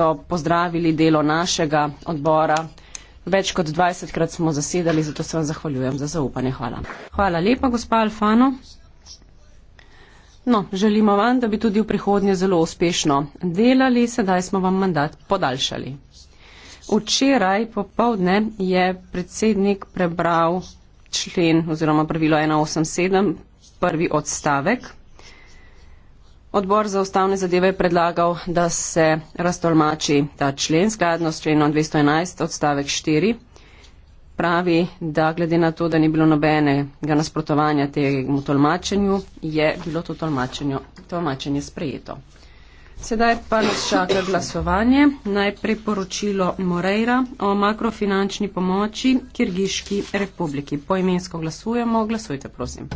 so pozdravili delo našega odbora. Več kot 20 krat smo zasedali, zato se vam zahvaljujem za zaupanje. Hvala. Hvala lepa, gospa Alfano. No, želimo vam, da bi tudi v prihodnje zelo uspešno delali, sedaj smo vam mandat podaljšali. Včeraj popovdne je predsednik prebral člen oziroma pravilo 187, prvi odstavek. Odbor za ustavne zadeve je predlagal, da se raztolmači ta člen skladno s členom 211 odstavek 4. Pravi, da glede na to, da ni bilo nobenega nasprotovanja temu tolmačenju, je bilo to tolmačenje sprejeto. Sedaj pa nas čaka glasovanje. Najprej poročilo Moreira o makrofinančni pomoči Kirgiški republiki. Poimensko glasujemo. Glasujte, prosim.